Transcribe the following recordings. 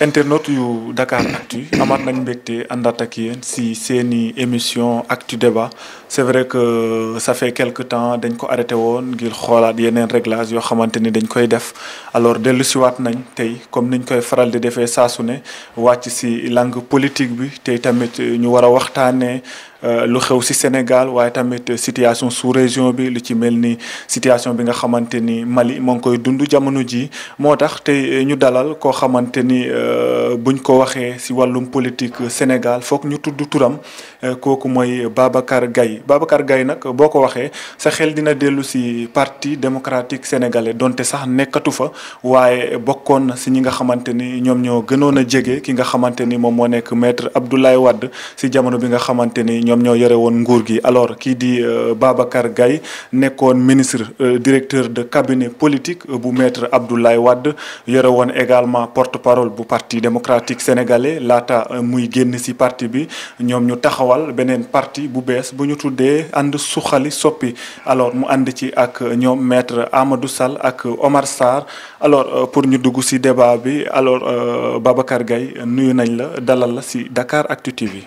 internautes yu Dakar Actu amaat nañ mbégte àndaat ak yéen si seeni émission Actu Débat c'est vrai que euh, ça fait quelque temps dañ ko arrêté woon ngir xoolaat yeneen réglage yo xamante ni dañ koy def alors dellu wat nañ tay comme niñ koy faral di defee sa su ne wàcc si langue politique bi tay tamit euh, ñu wara waxtané Euh, lu xew ci Sénégal waaye tamit situation su région bi lu ci mel ni situation bi nga xamante ni Mali moo ngi koy dundu jamono ji moo tax te ñu dalal koo xamante ni euh, buñ ko waxee ci wàllum politique Sénégal foog ñu tudd turam euh, kooku mooy Babacar Gaye Babacar Gaye nag boo ko waxee sa xel dina dellu ci parti démocratique sénégalais donte sax nekkatu fa waaye bokkoon na si ñi nga xamante ni ñoom ñoo gënoon a jege ki nga xamante ni moom moo nekk maître Abdoulaye Wade ci jamono bi nga xamante Alors ñoo dit Baba nguur gi alors di euh, ministre euh, directeur de cabinet politique euh, bu maître Abdoulaye wad également porte-parole du parti démocratique sénégalais Lata muy génn ci parti bi ñom ñu taxawal benen parti bu bu ñu tuddé alors mu and ci ak maître Amadou Sal, ak Omar Sarr alors pour nous dugg ci débat alors Babacar Gaye nuyu nañ la dalal la Dakar Actu TV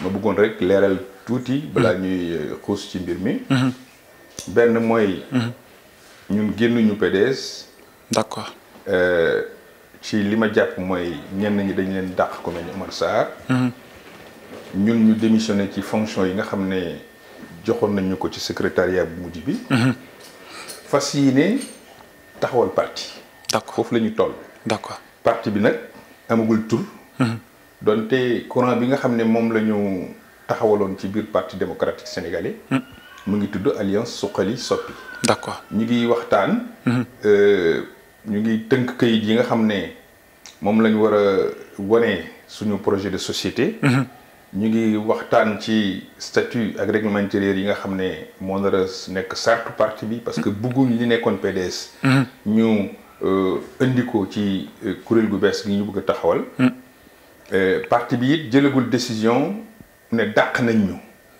ma bëggoon rek leeral tuuti. balaa mhm. ñuy euh, xuus ci mbir mi. Mhm. benn mooy. Mhm. ñun ñu PDS. d'accord. Euh, ci li ma jàpp mooy ñenn ñi dañ leen dàq ku mel ni Omar Sarr. ñun ñu démissionné ci fonction yi nga xam ne joxoon nañu ko ci secrétariat bu mujj bi. fas ne taxawal parti. d'accord foofu la ñu toll. d'accord parti bi nag amagul tur. te courant bi nga xam ne moom la ñu taxawaloon ci biir parti démocratique sénégalais. Hmm. mu ngi tudd alliance suqali soppi. d'accord ñu ngi waxtaan. Hmm. Euh, ñu ngi tënk kayit yi nga xam ne moom lañu ñu war a wane suñu projet de société. Hmm. ñu ngi waxtaan ci statut ak règlement intérieur yi nga xam ne moo nar nekk sartu parti bi. parce que bëgguñ li nekkoon PDS. ñu euh, indi ko ci euh, kuréel gu bees gi ñu bugg a taxawal. Euh, parti bi jëlagul décision né dàq nañ ñu.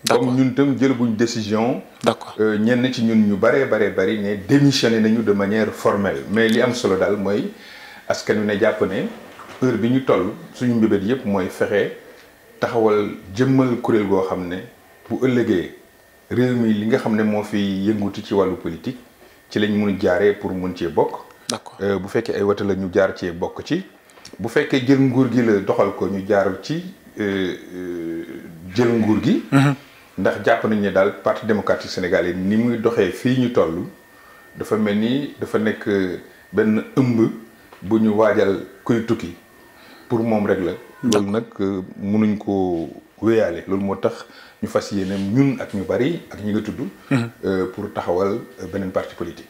comme ñun tam jëlaguñ décision. d'accord euh, ñenn ci ñun ñu baree baree bari né démissionné nañu de manière formelle mais li am solo dal moy askan né japp né heure bi ñu toll suñu mbébét yépp moy fexé taxawal jëmmal kuréel go xamné bu ëllëgee réew mi li nga xamné mo fi yëngutu ci walu politique ci lañ mënu jaaree pour mun cee bok d'accord euh, bu fekkee ay wote la ñu jaar ci bok ci. bu fekkee jël nguur gi la doxal ko ñu jaaru ci euh, euh, jël nguur gi. Mhm. ndax jàpp nañ ne daal parti démocratique sénégalais ni muy doxee fii ñu toll dafa mel ni dafa nekk euh, benn ëmb bu ñu waajal kuy tukki pour moom rek la. loolu nag mënuñ ko wéyaale loolu moo tax ñu fas yéene ñun ak ñu bari ak ñu ngi tudd. Mhm. pour taxawal beneen parti politique.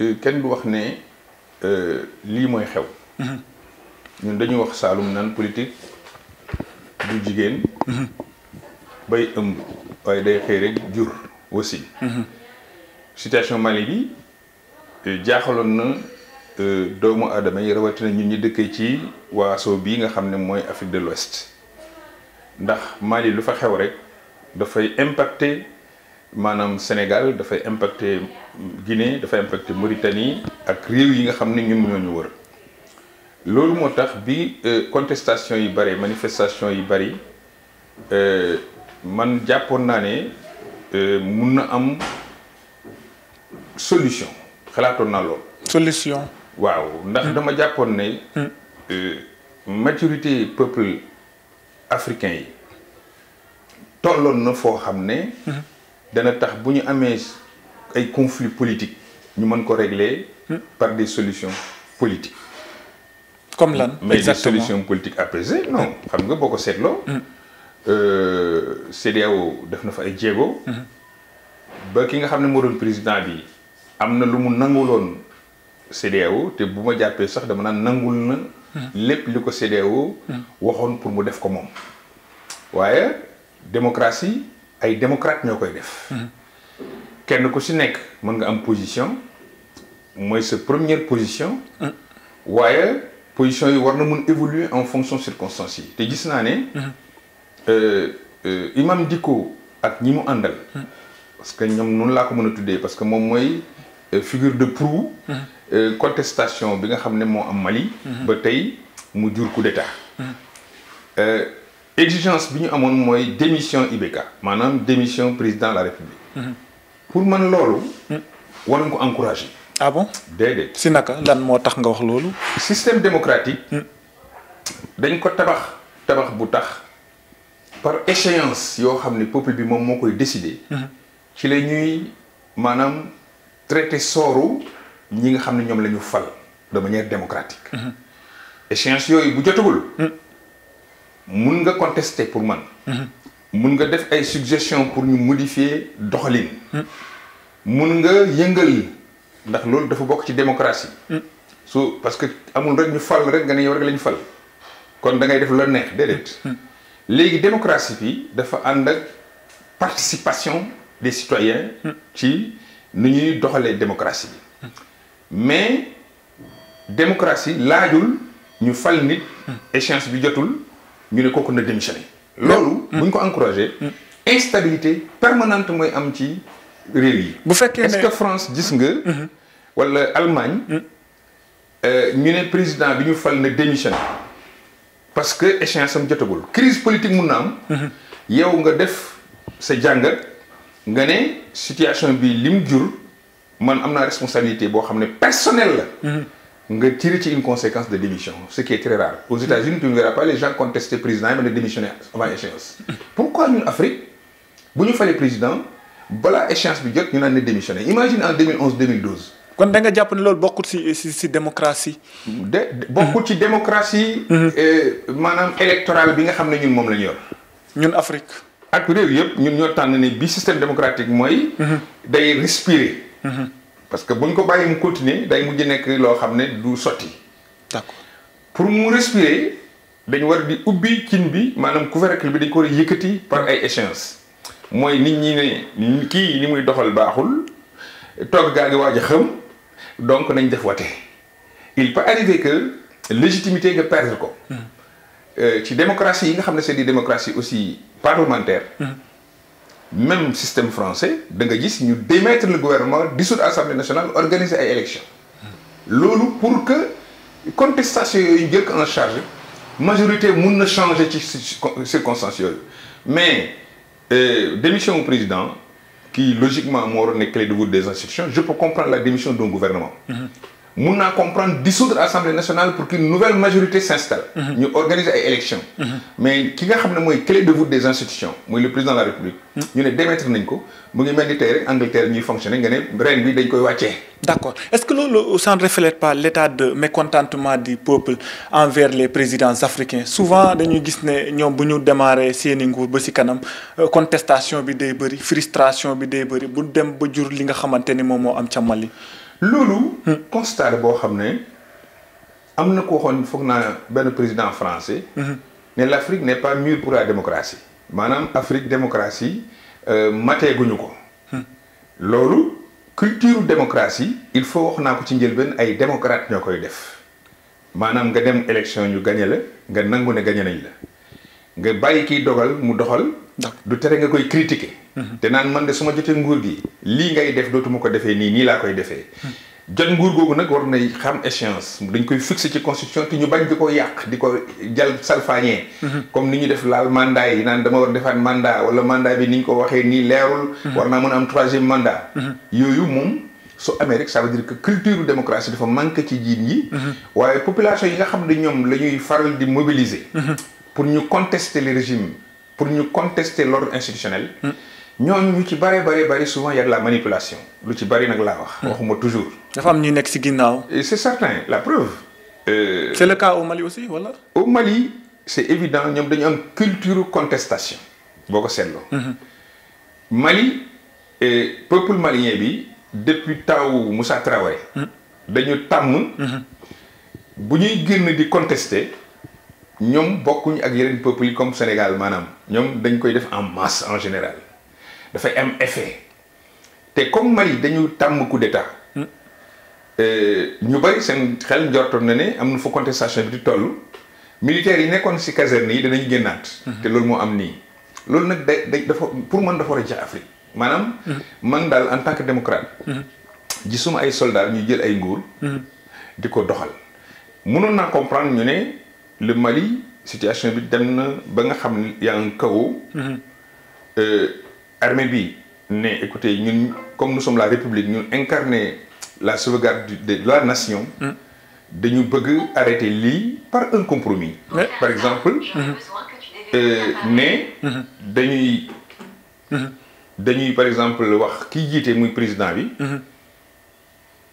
Euh, kenn du wax ne euh, lii mooy xew. Mhm. ñun dañuy wax Saalum naan politique du jigéen. Mhm. bay ëmb waaye day xëy jur aussi. Mhm. situation Mali bi euh, jaaxaloon na doomu aadama yi rawatina ñun ñi dëkkee ci waaso bi nga xam ne mooy Afrique de l'Ouest ndax Mali lu fa xew rek dafay impacter. Manam Sénégal fay impacté Guinée fay impacté Mauritanie ak réew yi nga xamné ne ñun ñoo ñu wër loolu motax bi euh, contestation yi bari manifestation yi bari euh, man jàppoon naa ne euh, mun na am solution xalaatoon na lool. solution. waaw ndax hmm. dama né hmm. euh maturité peuple africain yi tolloon na foo xam dana tax buñu un conflits politiques régler hmm. par des solutions politiques. comme lan mais des solutions politiques apaisées non. xam nga boko hmm. euh CEDEAO def na fa ay djégo hmm. ba ki nga président bi amna nanguloon sax dama nangul na. pour mu def démocratie ay démocrate ñoo koy def. Mhm. kenn ku si nekk mën nga am position mooy sa première position. Mhm. waaye position yi war na mun évoluer en fonction circonstances yi te gis naa ne. Mhm. Euh, euh, imam Dicko ak ñi mu parce que ñoom noonu laa ko mën a tuddee parce que moom mooy euh, figure de proue. contestation bi nga xam ne moo am Mali. ba tey mu jur coup d'état exigence bi ñu amoon mooy démission Ibeka, manam démission président de la république. Mhm. pour man lolu mhm. war ko encourager. ah bon dédé si naka lan mo tax nga wax lolu système démocratique. Mhm. dañ ko tabax tabax bu tax par échéance yo xam peuple bi moom moo koy décider. ci lay ñuy manam traité sooru ñi nga xam ñom lañu fal de manière démocratique. échéance yooyu bu jotagul mun nga contester pour man. Mhm. mun nga def ay suggestions pour ñu modifier doxalin. Mhm. mun nga yëngal ndax loolu dafa bok ci démocratie. Mhm. su parce que amul rek ñu fal rek nga ne yow rek lañu fal kon da ngay def la neex déedéet. légui démocratie bi dafa and ak participation des citoyens. ci nu ñuy doxalee démocratie mais démocratie laajul ñu fal nit. échéance bi jotul. ñu ne kooku na démissionné. loolu mm. bu ñu ko encouragé. Mm. instabilité permanente mooy am ci réew yi. bu fekkee ne que France gis nga. Mm-hmm. walla Allemagne. Mm. Euh, ñu ne président bi ñu fal na démissionné parce que échéance jotagul. crise politique mun na am. Mm-hmm. yow nga def sa jàngat nga ne situation bi lim jur man am naa responsabilité boo xam ne personnelle la. Mm-hmm. nga tirer ci une conséquence de démission ce qui est très rare aux États-Unis tu ne verras pas les gens contester président mais On a démissionner avant échéance pourquoi en Afrique nous faisons le président voilà échéance bi jot ñu démissionner imagine en 2011 2012. quand on nga jàpp ne beaucoup de ci ci démocratie. de démocratie. Mhm. Euh, électorale bi nga en ñun moom Afrique. ak nous, yëpp ñun ñoo tànn ne bi système démocratique mooy. Mhm. day respirer. Mhm. parce que bu ñu ko bàyyi mu continuer day mujj nekk loo xam ne du sotti. d'accord pour mu respirer dañu war di ubbi cin bi maanaam couvercle bi dañ ko war a yëkkati par ay échéances mooy nit ñi ne kii ni muy doxal baaxul togg gaa ngi waaj a xam donc nañ def wate il peut arriver que légitimité nga perdre ko. Hmm. Euh, ci démocratie yi nga xam ne seen des démocraties aussi parlementaires. Hmm. même système français démettre le gouvernement dissoudre l'Assemblée nationale organiser l'élection. lolo pour que contestation une en charge majorité ne change changer circonstances mais euh, démission au président qui logiquement mort clé de vous des institutions je peux comprendre la démission d'un gouvernement mm-hmm. Nous comprenons comprendre dissoudre l'Assemblée nationale pour qu'une nouvelle majorité s'installe. Nous mhm. organiser ay élections. Mhm. mais qui nga xam clé de voûte des institutions le président de la république. Nous mhm. ne démettre les ko mu ngi mel fonctionne et Angleterre ñuy fonctionner nga ne ren bi est ce que ça ne reflète pas l'état de mécontentement du peuple envers les présidents africains souvent nous gis que nous bu ñu démarrer nous ba des euh, contestation bi frustration bi dem ba jur li nga loolu. Hmm. constat boo xam ne am na ko waxoon foog naa benn président français. Hmm. ne l' Afrique n' est pas mûre pour la démocratie. maanaam Afrique démocratie euh, mateeguñu ko. Hmm. loolu culture démocratie il faut wax naa ko ci njëlbeen ay démocrate ñoo koy def maanaam nga dem élection ñu gañe la nga nangu ne gañe nañ la. nga bàyyi kiy dogal mu doxal. du tere nga koy critiquer. Mhm. te naan man de su ma jotee nguur gi. lii ngay def dootuma ko defee nii nii laa koy defee. Mhm. jot nguur googu nag war na xam échéance dañ koy fixé ci constitution te ñu bañ di ko yàq di ko jal salfaañee. Mhm. comme ni ñu def laal mandat yi naan dama war defaat mandat wala mandat bi ni ñu ko waxee nii leerul. war naa mën a am troisième mandat. yooyu moom su amee rek sa veut que culture démocratie dafa manqué ci jiit yi. waaye population yi nga xam ne ñoom la ñuy faral di mobiliser. pour nous contester le régime pour nous contester l'ordre institutionnel nous avons souvent y a de la manipulation lu ci hmm. toujours c'est certain la preuve euh, c'est le cas au Mali aussi voilà au Mali c'est évident nous avons une culture de contestation Le hmm. Mali et peuple malien depuis taw Moussa Traoré hmm. dañu nous bu ñuy génn contester ñom bokkuñ ak yeneen peuple yi comme Sénégal maanaam ñom dañ koy def en masse en général dafay am effet te comme Mali dañu tàmm coup d'état hmm. euh, ñu bari seen xel njortoon na ne am na fa contestation bi di toll militaires yi nekkoon si caserne yi danañ génnaat. Hmm. te loolu moo am nii. loolu nag day day dafa pour man dafa war a jeex Afrique maanaam. Hmm. man daal en tant que démocrate. gisuma ay soldats ñu jël ay nguur. di ko doxal mënoon naa comprendre ñu ne le Mali situation bi dem na ba nga xam ne y a un armée bi écoutez ñun comme nous sommes la république nous incarner la sauvegarde de la nation. Mhm. dañu bëgg arrêter lii par un compromis. par exemple. Mhm. nous euh, mhm. dañuy. dañuy par exemple wax qui était muy président bi.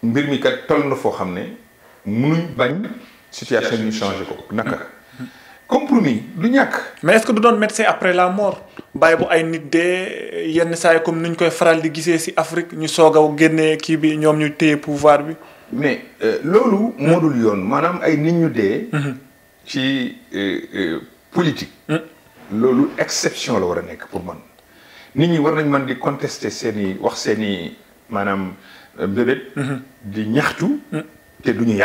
mbir mi kat toll na foo bañ situation ni changé ko naka. Mm-hmm. compromis du ñak mais est-ce que du doon médecin après la mort bàyyi bu ay nit dé yenn say comme ni koy faral di gisé ci Afrique ñu soog a ki bi ñom ñu téy pouvoir bi. mais euh, lolu modul mm-hmm. dul yoon maanaam ay nit ñu dé mm-hmm. ci euh, euh, politique. lolu exception la wara nek pour man nit ñi war nañ man di contester seen i wax seen i maanaam mbébét. di ñaxtu. té duñu ñu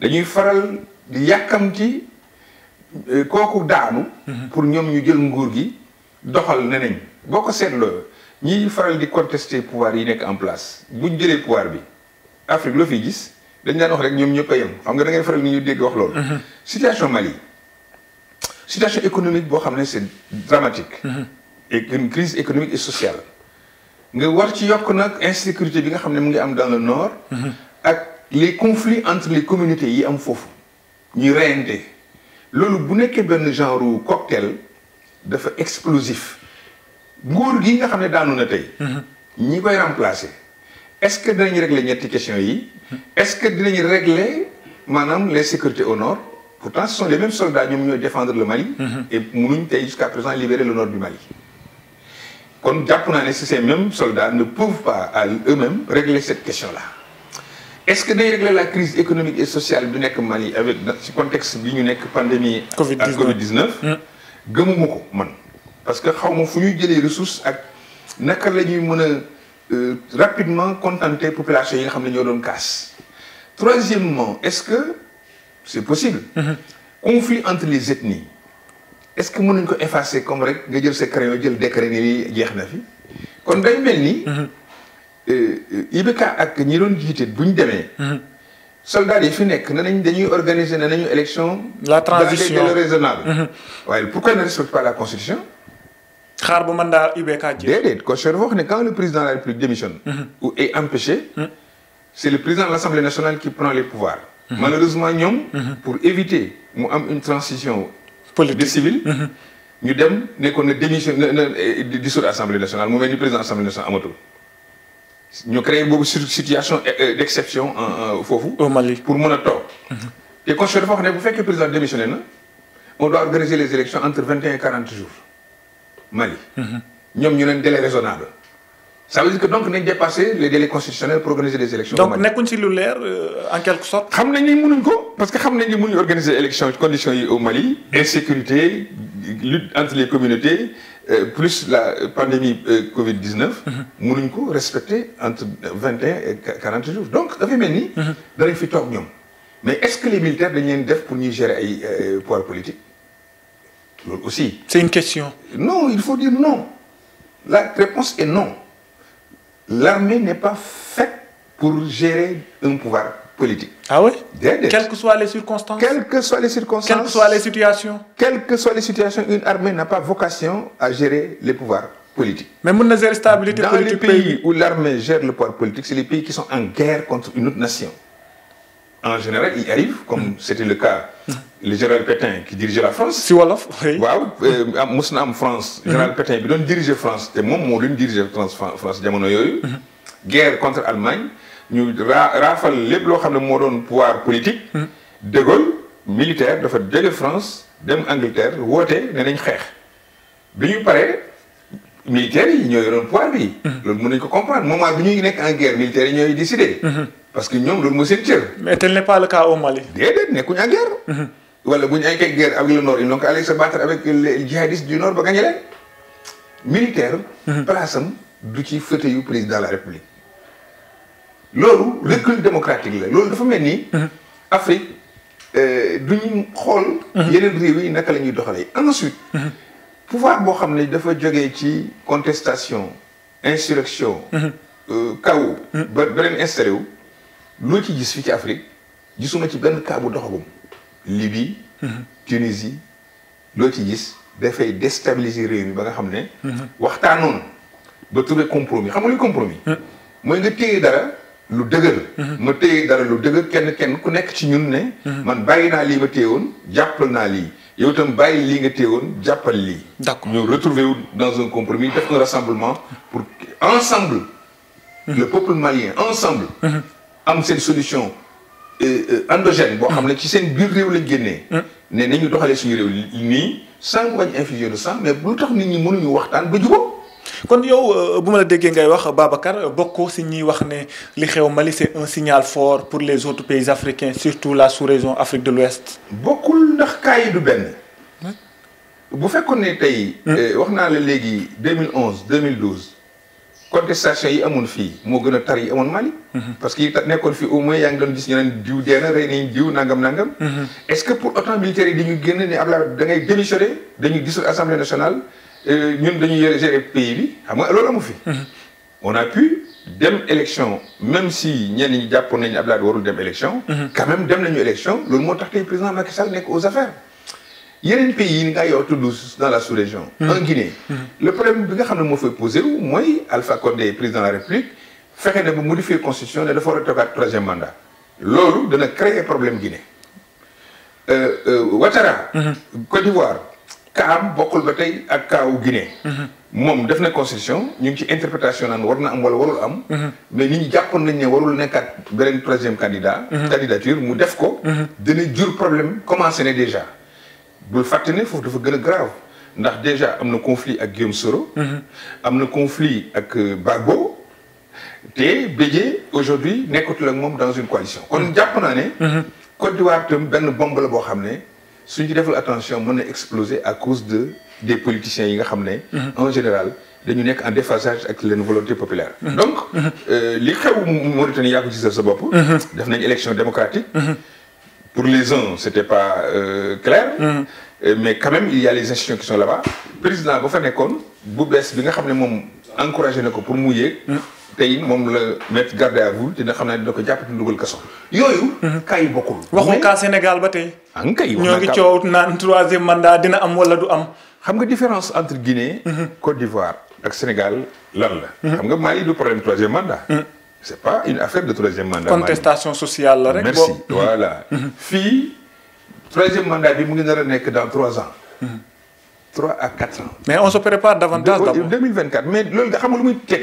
dañuy faral di yàkkamti euh, kooku daanu. Mhm. pour ñoom ñu jël nguur gi doxal neneen boo ko seetloo ñii faral di contester pouvoir yi nekk en place buñ jëlee pouvoir bi Afrique loo fi gis dañ daan wax rek ñoom ñëpp a yem xam nga da faral ni ñu dégg wax loolu. Mhm. situation Mali situation économique boo xam ne c'est dramatique. Mhm. et une crise économique et sociale. nga war ci yokk nag insécurité bi nga xam ne mu ngi am dans le nord. ak les conflits entre les communautés yi am fofu ñuy réndé lolu bu nekkee ben genre cocktail dafa explosif nguur gi nga xamné daanu na tay mhm. ñi koy remplacer est-ce que dinañu régler ñetti questions yi est-ce que dinañu régler manam les sécurités au nord pourtant ce sont les mêmes soldats ñom ñooy défendre le Mali mhm. et mënuñ tay jusqu'à présent libérer le nord du Mali kon jàpp naa ces mêmes soldats ne peuvent pas eux-mêmes régler cette question-là est-ce que day régler la crise économique et sociale du Mali avec le contexte de la pandémie Covid 19 Covid 19. Mm. parce que nous avons des ressources ak euh, rapidement contenter population troisièmement est-ce que c'est possible. Mm-hmm. conflit entre les ethnies. est-ce que nous effacer comme rek décret le eh, eh, Ibeka ak ñi doon jité buñ démé mhm. soldats yi fi nek nañ dañuy organiser élection. la transition dans le mhm. pourquoi ne respecte pas la constitution. xaar bu mandat Ibeka dit quand le président de la république démissionne. Mhm. ou est empêché. c'est le président de l'assemblée nationale qui prend les pouvoirs. malheureusement pour éviter une transition. politique civile. nous dem nekkoon na démission l'Assemblée eh, nationale mu mel ni président l'Assemblée nationale moto nous avons créé une situation euh, euh, d'exception hein, hein, au Mali pour mon mhm. Et quand je vois que vous ne que le président démissionne, on doit organiser les élections entre 21 et 40 jours jours Mali. Nous avons un délai raisonnable. ça veut dire que nous avons dépassé les délais constitutionnels pour organiser les élections. donc nous avons lu l'air, euh, en quelque sorte. xam avons parce que nous avons ni les organiser conditions au Mali. Mhm. insécurité lutte entre les communautés. Euh, plus la pandémie euh, Covid-19 mhm. mënuñ respectait entre 21 et 40 jours donc vous y ni mhm. danañ fi mais est-ce que les militaires deviennent des def pour gérer le euh, pouvoir politique aussi c'est une question non il faut dire non la réponse est non l'armée n'est pas faite pour gérer un pouvoir politique. Ah oui Quelles que soient les circonstances Quelles que soient les circonstances Quelles que soient les situations Quelles que soient les situations, une armée n'a pas vocation à gérer les pouvoirs politiques. Mais mon stabilité Dans politique les pays, pays où l'armée gère le pouvoir politique, c'est les pays qui sont en guerre contre une autre nation. En général, il arrive, comme hmm. c'était le cas, hmm. le général Pétain qui dirigeait la France. Si Wolof, oui. Waouh, hmm. France, le général Pétain, il dirigeait France. Et moi, mon dirigeait France, France, France, guerre contre l'Allemagne. Nous raafal lépp loo xam ne doon pouvoir politique. Hmm. de Gaulle militaire dafa jóge France dem Angleterre woté ne nañ xeex bi militaire, paree militaires yi ñoo le pouvoir bi. Hmm. loolu mën ko comprendre moment biñu nek en guerre militaire, ñoy décider. Hmm. parce que ñom loolu mo seen ciir mais tel n'est pas le cas au Mali. déedéet nekkuñu en guerre. wala buñ ay guerre avec le nord ils n'ont qu'à aller se battre avec les djihadistes du nord ba gagné militaire. place du ci fauteuil yu président de la république lolu recul démocratique la lolu dafa melni ni. Mhm. Afrique euh ñu xol mhm. yeneen réew yi naka lañuy doxale ensuite. Mhm. pouvoir bo xamné dafa joggé ci contestation insurrection. kaw euh, ba ba leen installé wu. loo ci gis fi ci Afrique gisuma ci benn cas bu doxagum. Libye. Tunisie lo ci gis dafay déstabiliser réew mi ba nga xam ne. waxtaanoon ba trouver compromis xam nga luy compromis. mooy nga téye dara lu dëgër mhm. ma tey dara lu dëgër kenn kenn ku nekk ci ñun ne mhm. man bàyyi naa lii ma téye woon jàppal naa lii yow tam bàyyi lii nga téye woon jàppal lii d'accord ñu retrouver wu dans un compromis def un rassemblement pour ensemble mhm. le peuple malien ensemble am seen solution euh, euh, endogène boo xam ne ci seen biir réew lañ génnee ne nañu doxalee suñu réew nii sans wàññi infusion de sang mais lu tax nit ñi mënuñu waxtaan ba jubóo kon yow euh, bu ma la déggee ngay wax Babacar bokkoo si ñuy wax ne li xew Mali c'est un signal fort pour les autres pays africains surtout la sous-région Afrique de l'Ouest bokkul ndax kaa du benn hein? bu fekkoon ne tey hein? eh, wax naa la léegi 2011 2012 contestation yi amoon fii moo gën a tar yi amoon Mali mhm. parce que yi nekkoon au moins yaa ngi doon gis ñu naan diw dee na rey nañ diw nangam nangam mhm. est-ce que pour autant militaire yi dañu génn ne Abdoulaye da ngay démissionner dañu dissoudre assemblée nationale euh, nous dañuy gérer pays mhm. on a pu dem élection même si nous avons dit nañu Abdoulaye élection. Mhm. quand même dem nañu élection loolu avons tax président Macky Sall nekk aux affaires. y pays yi nga qui tudd dans la sous-région. Mhm. en Guinée. le problème que nous avons fait poser fay posé Alpha Condé président de la République fexe na ba modifier constitution ne de faire un troisième mandat. loolu dana créer problème Guinée. Euh, euh, Ouattara. Côte d'Ivoire kaam bokkul ba tey ak Kaou Guinée. Mom mhm. def na constitution ñu ci interprétation naan war na am wala warul am. Mhm. mais ñi jàppoon nañ ne warul nekkaat beneen troisième candidat. Mhm. candidature mu def ko. dina jur problème commencé né déjà. bul fàtte ne foofu dafa gëna grave ndax déjà amna conflit ak Guillaume Soro. am na conflit ak euh, Gbagbo. té Bédié aujourd'hui nekkatul ak mom dans une coalition. kon japp na né Côte d'Ivoire tam benn bombe la bo xamné ce qui fait attention on a explosé à cause de des politiciens yi nga mhm. en général dañu nekk en déphasage avec les volonté populaire. Mhm. donc mhm. euh, les cas Mauritanie on ko gisal sa élection démocratique. pour les uns ce n'était pas euh, clair. Euh, mais quand même il y a les institutions qui sont là-bas président a fa nekkoon bu il bi encouragé pour mouiller tey mom la met à vous dina mhm. waxu ah, mandat différence entre Guinée. Mhm. Côte d'Ivoire ak Sénégal lan la. Mhm. xam problème 3e mandat. c'est pas une affaire de troisième mandat. contestation sociale merci voilà. 3 troisième mandat dans trois ans. trois à 4 ans. mais on se prépare davantage d'abord 2024 mais lolu xam nga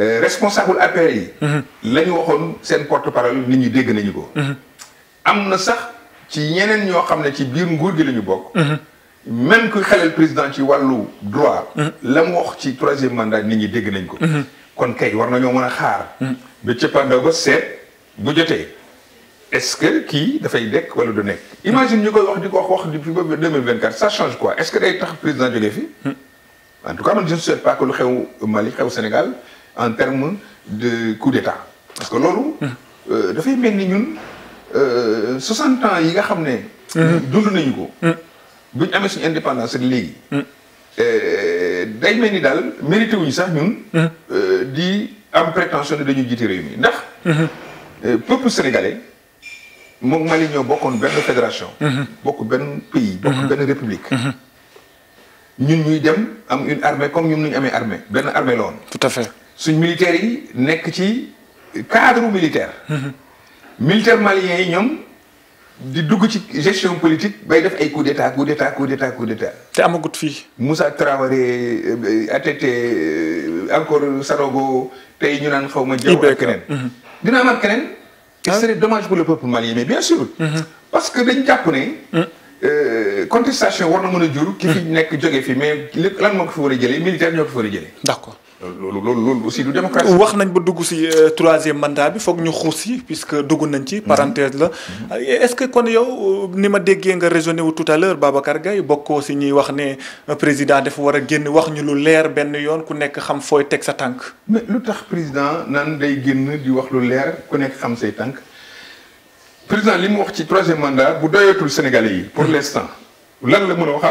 Euh, responsable APR yi. Mhm. la ñu waxoon porte parole nit ñi dégg nañu ko. Mhm. amna sax ci ñeneen ñoo xam ci biir nguur gi lañu bok bokk. Mhm. même ku xelal président ci walu droit. la mu wax ci troisième mandat nit ñi dégg nañ ko. kon kay war nañu mëna a xaar. ba cëppaandaw ba set bu jotté est-ce que ki da fay dekk wala du nekk. imagine ñu koy wax di ko wax wax depuis 2024 ça change quoi est-ce que day tax président jógee fi. en tout cas man je ne souhaite pas que lu xew Mali xew Sénégal en termes de coup d'état parce que loolu. Mmh. Euh, dafay mel ni ñun 60 euh, ans il nga a quand mmh. dund nañu ko. Mmh. bu de amee indépendance de léegi. Euh, day mel ni mérité wuñu sax ñun. di prétention de dañu jiite réew mi ndax. peuple sénégalais moom Mali de bokkoon benn fédération. de pays. bokk république. Nous, nous dem une armée comme nous avons une armée Une armée la tout à fait suñ militaires yi nekk ci cadre militaire. Mhm. militaire malien yi ñoom di dugg ci gestion politique bay def ay coup d'état coup d'état coup d'état coup d'état te amagut fii. Moussa Traoré euh, ATT euh, encore Sarogo, tey ñu naan xaw ma. Jaw ak keneen mhm. dina am ak keneen. ce ah. serait dommage pour le peuple malien mais bien sûr. Mhm. parce que dañ Japonais, ne. Euh, contestation war na mën a jur. ki fi nekk jóge fi mais lan moo ko fi war a militaire ñoo ko fi d'accord. Ce euh, aussi démocratie. wax nañ euh, troisième mandat bi ñu puisque nañ ci. parenthèse mhm. est-ce que kon yow euh, nga raisonné tout à l'heure Babacar si wax ne président génn wax ñu lu ku nekk xam sa mais lu président naan day génn di wax président wax ci mandat bu Sénégalais pour mhm. l'instant lan la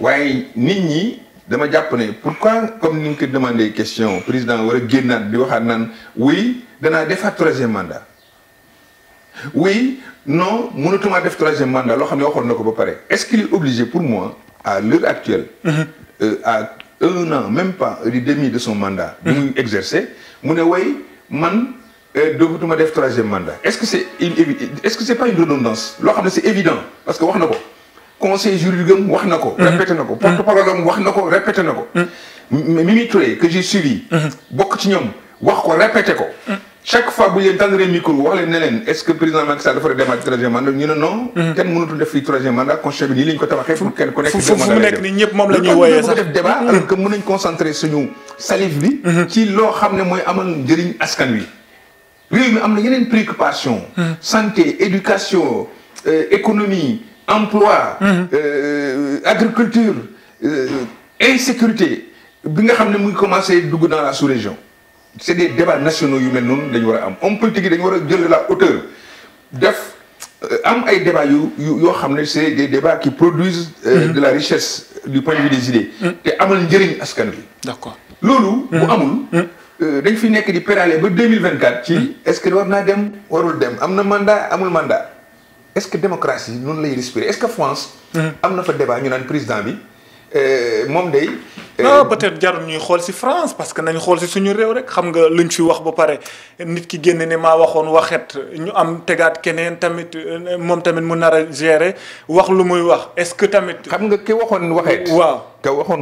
Oui, ni ni, dama jàpp pourquoi comme nous nga ko demandé question président war a dit di waxaat naan oui troisième mandat oui non mënatuma def troisième mandat loo ne peut pas parler. est-ce qu'il est obligé pour moi à l'heure actuelle mm-hmm. euh, à un an même pas les demi de son mandat bi mm-hmm. muy exercer mu ne way man euh, dootuma def troisième mandat est-ce que c'est une est-ce que c'est pas une redondance c'est évident parce que ne pas conseil juridique am wax nako mhm. répété nako ko mhm. porte parole am wax nako répété nako mhm. Mimi Touré que j'ai suivi. bok ci ñom wax ko répété ko. chaque fois bu leen tendre micro wax leen ne est ce que président Macky Sall dafa 3e mandat ñu ne non. ken mënutu def fi 3e mandat constitution bi nii la ko tabaxee pour ken ku nekk. fu mu nekk nii ñëpp moom la ñuy sax def débat alors que mënañ concentrer suñu salive bi. ci lo xamné moy amal jëriñ askan wi. réew mi am na préoccupation santé éducation euh, économie emploi mhm. euh, euh, agriculture euh, insécurité bi nga xam ne commencé dans la sous-région c'est des débats nationaux yu mel noonu a am On politique yi dañu la hauteur def euh, am ay débats c'est des débats qui produisent mhm. de la richesse du point de vue des idées mhm. Et amal njëriñ askan bi. d'accord Lolu bu amul dañ fi nek di péraler ba 2024 ci est-ce que war naa dem warul dem am mandat amul mandat est-ce que la démocratie nous lay est-ce que France. Mm-hmm. a fait fa débat ñu président bi euh, euh, non peut-être que nous sommes la France parce que nañ ci suñu rek xam nga Nous wax ba nit ki ñu am qui keneen tamit qu'ils euh, tamit mu gérer wax lu est-ce que tamit. xam nga ki qui, waaw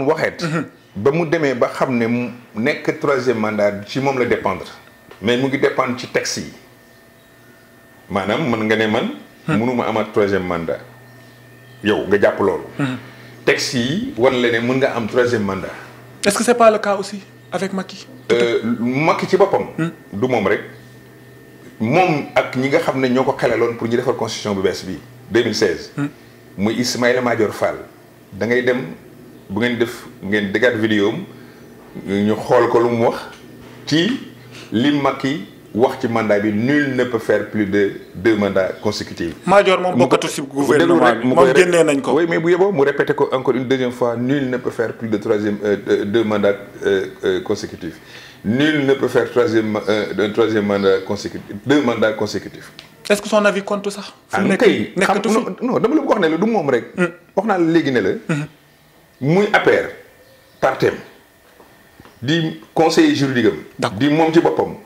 mm-hmm. troisième mandat ci dépendre. mais mënuma amaat troisième mandat yow nga jàpp loolu. Hmm. texte yi wan la ne mën nga am troisième mandat. est-ce que c'est pas le cas aussi avec makki euh, Macky ci boppam. Hmm. du moom rek moom ak ñi nga xam ne ñoo ko xelaloon pour ñu defar constitution bu bees bi 2016. Hmm. muy Ismaïla Madior Fall da ngay dem bu ngeen def ngeen déggaat vidéo ñu xool ko lu mu wax ci li Macky. mandat nul ne peut faire plus de deux mandats consécutifs. Majorement, beaucoup de oui mais encore une deuxième fois nul ne peut faire plus de troisième euh, deux mandats euh, euh, consécutifs nul ne peut faire troisième un troisième mandat consécutif deux mandats consécutifs. est-ce que son avis compte ça? Ah, ça non dama non du conseiller juridique du di du ci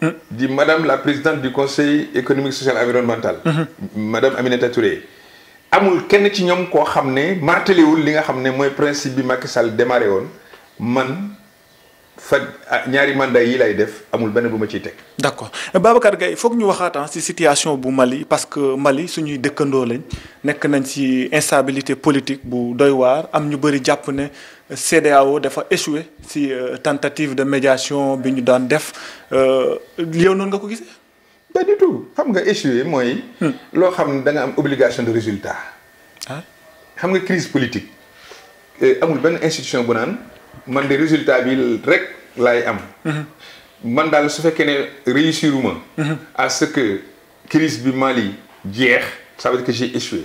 hmm. du madame la présidente du conseil économique social et environnemental hmm. madame Aminata Touré amul kenn ci qui ne li principe bi démarré man fa ah, ñaari mandat yi lay amul hein, situation au Mali parce que Mali suñuy une lañ n'est nañ instabilité politique bu doy CEDEAO a échoué si euh, tentative de médiation bi ñu daan def yow euh, non nga ko gissé pas du tout xam nga échoué moy hmm. lo xam da nga obligation de résultat. Ah. xam nga crise politique euh, amul ben institution bu nan man de résultat bi rek lay am. Hmm. man qu'elle su fekkee réussiruma hmm. à ce que crise bi Mali jeex ça veut dire que j'ai échoué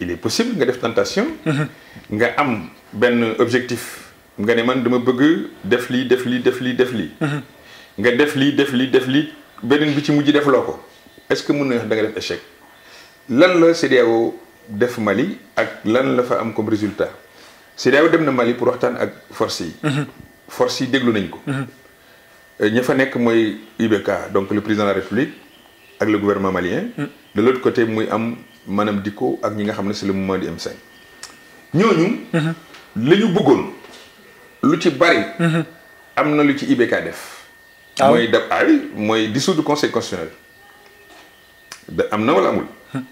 il est possible nga def tentation. nga am ben objectif nga ne man dama bëgg def li def li def li def li mhm. nga def li def li def li beneen bi ci mujj def loko est-ce que mën na wax da nga def échec lan la CEDEAO def Mali ak lan la fa am comme résultat CEDEAO dem na Mali pour waxtaan ak force yi. Mhm. force yi déglu nañ ko. Mhm. Euh, ña fa nekk mooy IBK donc le président de la République ak le gouvernement malien. de l'autre côté muy am Manam Diko ak ñi nga xam ne c'est le moment du M5 ñooñu. Ce que nous lu ci bari. qui mhm. na lu ci IBK def. Ah mooy def ay ah mooy conseil constitutionnel da am na wala amul. Hmm.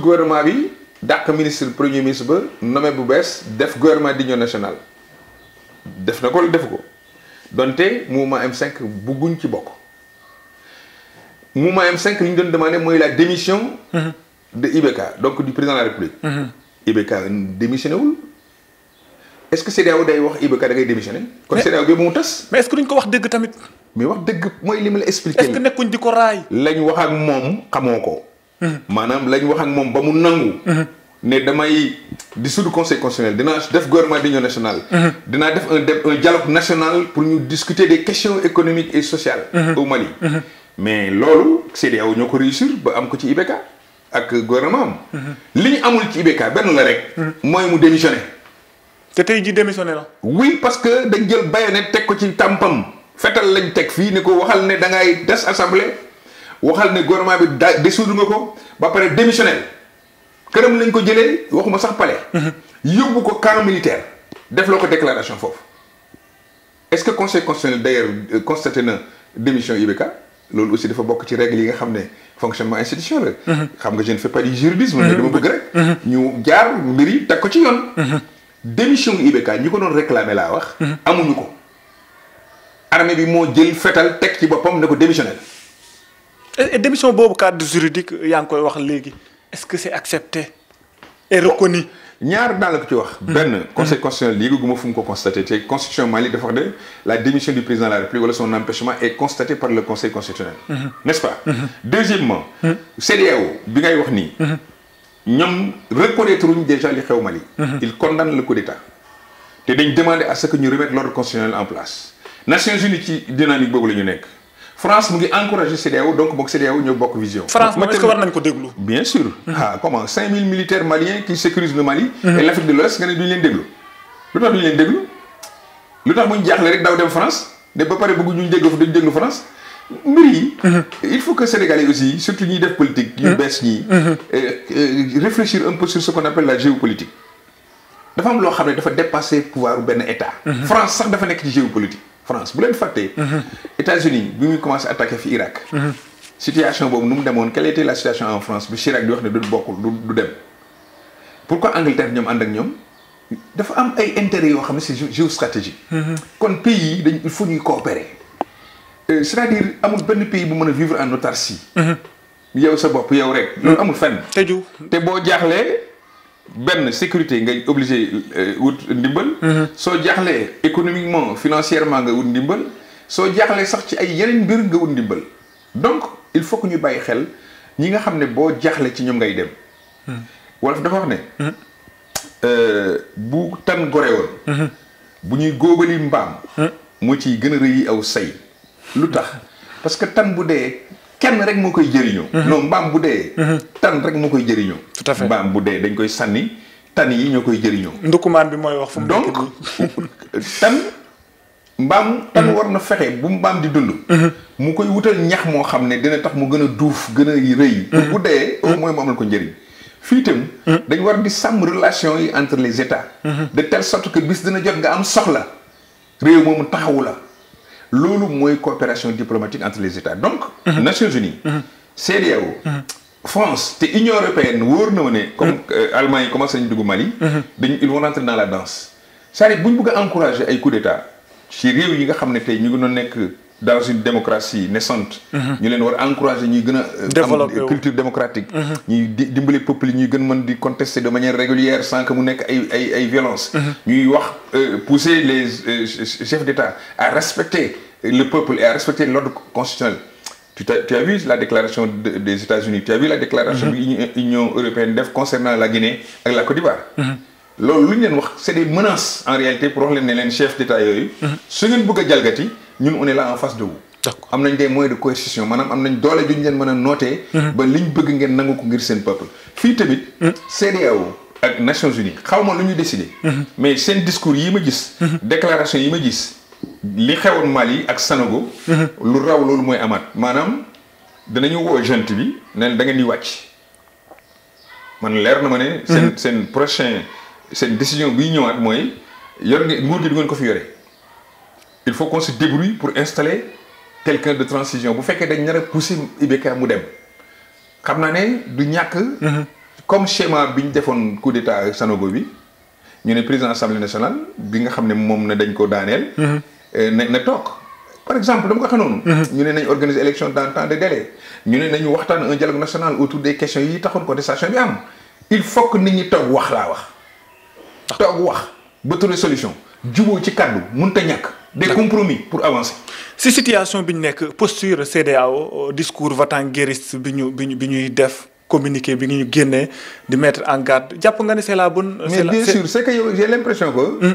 gouvernement bi ministre, ministre premier ministre nommé bu bees gouvernement d'union nationale def na ko def ko mouvement M5 le ci bokk mouvement M5 nous ñu demandé la démission. Mhm. de IBK donc du président de la République. Mhm. IBK démissionné où? est-ce que CEDEAO day wax Iba Ka da ngay démissionner. kon CEDEAO bi ba mu mais est-ce que duñ ko wax deug tamit. mais wax deug moy li ma la expliqué. est-ce que nekkuñ di ko raay. lañ wax ak mom xamoko manam hmm. lañ wax ak moom ba mu nangu. Hmm. ne damay dissoudre conseil constitutionnel dina def gouvernement d'union nationale. Hmm. dinaa def un un dialogue national pour ñu discuter des questions économiques et sociales. au Mali. mais loolu CEDEAO ñoo ko réussir ba am ko ci Ibeka ak gouvernement am. li amul ci Ibeka Ka la rek. moy mu démissionner. C'était une qui là. oui parce que jël bayonet tek ko ci ne ko waxal ne da ngay des assemblée waxal ne gouvernement bi ba ko waxuma sax mhm. camp militaire. def lako déclaration est-ce que conseil constitutionnel d'ailleurs euh, constaté démission IBK lolu aussi dafa bok ci règle yi nga fonctionnement institutionnel. Mhm. xam je ne fais pas du juridisme. mais mhm. dama bëgg rek. ñu jaar tak démission gu IBK ñi ko doon réclamer la wax. Mhm. amuñu ko. armée bi moo jël fetal teg ci bopam ne ko démissionnel. et démission bobu cadre juridique yang koy wax légui. est-ce que c'est accepté et reconnu. ñaar dal la ko ci wax. Ben conseil constitutionnel léegi gu ma ko constater té constitution Mali dafa de la démission du président de la République wala son empêchement est constaté par le conseil constitutionnel. n'est-ce pas. deuxièmement. au bi ngay wax ni ñoom reconnaître déjà li xew Mali. Mhm. ils condamnent le coup d'état te dañ à ce que nous remettions l'ordre constitutionnel en place Nations Unies ci dynamique la France mu ngi encouragé CEDEAO donc les CEDEAO ñoo bokk vision. France est-ce que war nañ ko bien sûr. Mhm. ah comment 5000 militaires maliens qui sécurisent le Mali. Mhm. et l'Afrique de l'Ouest vous ne duñ leen déglu. lu tax duñ leen déglu lu tax bu ñu jaaxle rek daw France de ba pare bëgg ñu France oui mhm. il faut que sénégalais aussi surtout ñuy def politique. yu mhm. bees mhm. euh, euh, réfléchir un peu sur ce qu'on appelle la géopolitique. dafa am loo xam ne dafa dépasser pouvoir ben état. France sax dafa nekk ci géopolitique. France bu leen et États-Unis ils muy commencé attaquer fi Irak. situation boobu nous mu quelle était la situation en France mais Chirac di wax beaucoup. du dem. pourquoi Angleterre ñoom en ak ñoom dafa am ay intérêts yoo xam c'est géostratégique. kon pays dañ il coopérer. Euh, c'est-à-dire amul benn pays bu mën a vivre en si mhm. yow sa bopp yow rek. loolu mhm. amul fenn. tëju te boo jaaxlee benn sécurité ngay obligé euh, wut ndimbal. Mhm. soo jaaxlee économiquement financièrement nga wut ndimbal. soo jaaxlee sax ci ay yeneen mbir nga wut ndimbal. donc il faut que ñu bàyyi xel ñi nga xam ne boo jaaxlee ci ñoom ngay dem. wolof dafa wax ne. Euh, bu tan gore bu ñuy góobali mbaam. moo ciy gën a rëy aw say. lu parce que tan budé kenn rek mo koy jëriñu mhm. non bam budé mhm. tan rek mo koy jëriñu tout à fait mbaam bu dañ koy sanni tan yi koy bi moy wax fu donc tan bam tan mhm. warna fexé bumbam bu di dund. mu koy wutal ñax mo xamné dina tax mu gëna douf gëna gën a rëy. bu dee ko njëriñ. dañ war di sam relation yi entre les états. de telle sorte que bis dina jot nga am soxla réew taxawu loolu moy coopération diplomatique entre les états donc mhm. Nations Unies mhm. CEDEAO mhm. France et Union européenne où na est, comme euh, Allemagne commence à dougou Mali ils vont rentrer dans la danse Ça les dire encourager ay coup d'état ci réew yi nga ne ñu ngi dans une démocratie naissante. ñu leen encourager une euh, culture démocratique. On dimbali peuple contester de manière régulière sans que mu ait violence ñuy wax euh, pousser les chefs d'État à respecter le peuple est à respecter l'ordre constitutionnel. Tu as, vu la déclaration des États-Unis, tu as vu la déclaration mm-hmm. de l'Union européenne concernant la Guinée et la Côte d'Ivoire. Mm-hmm. loolu lu des menaces en réalité pour les chefs d'État. Si chef ne état pas su ngeen nous on est là en face de vous. Nous avons des moyens de coercition maanaam a des moyens de leen mën a nootee. Mm-hmm. ba liñ bëgg ngeen ngir peuple. fii tamit. CEDEAO ak Nations Unies pas ce lu nous décidé. mais seen discours yi ma déclaration li xewon Mali ak Sanogo. Mhm. lu raw lolou moy amat manam danañu woo junte bi ne da ngeen di wacc man leer na mané sen mhm. sen prochain sen décision bi ñëwaat moy yor ngeen nguur gi du ngeen ko fi yoré il faut qu'on se débrouille pour installer quelqu'un de transition bu fekkee dañ nar a pousser IBK mu dem xam naa ne du ñak mhm. comme schéma bi defon coup d'état Sanogo bi ñu né président assemblée nationale bi nga xamné mom na dañ ko daaneel. Ne euh, ne par exemple dama ko organisé l'élection mhm. ñu ne dans temps de délai. ñu avons nañu un dialogue national autour des questions yi taxoon contestation bi am il faut que nit ñi toog wax laa wax. toog wax ba trouver solution juboo ci des compromis pour avancer. si situation est ñu poursuivre posture CEDEAO discours de t en guériste communiquer. de bi def. communiqué mettre en garde jàpp nga c'est la bonne. c'est mais bien sûr c'est que j'ai l'impression que. Hmm.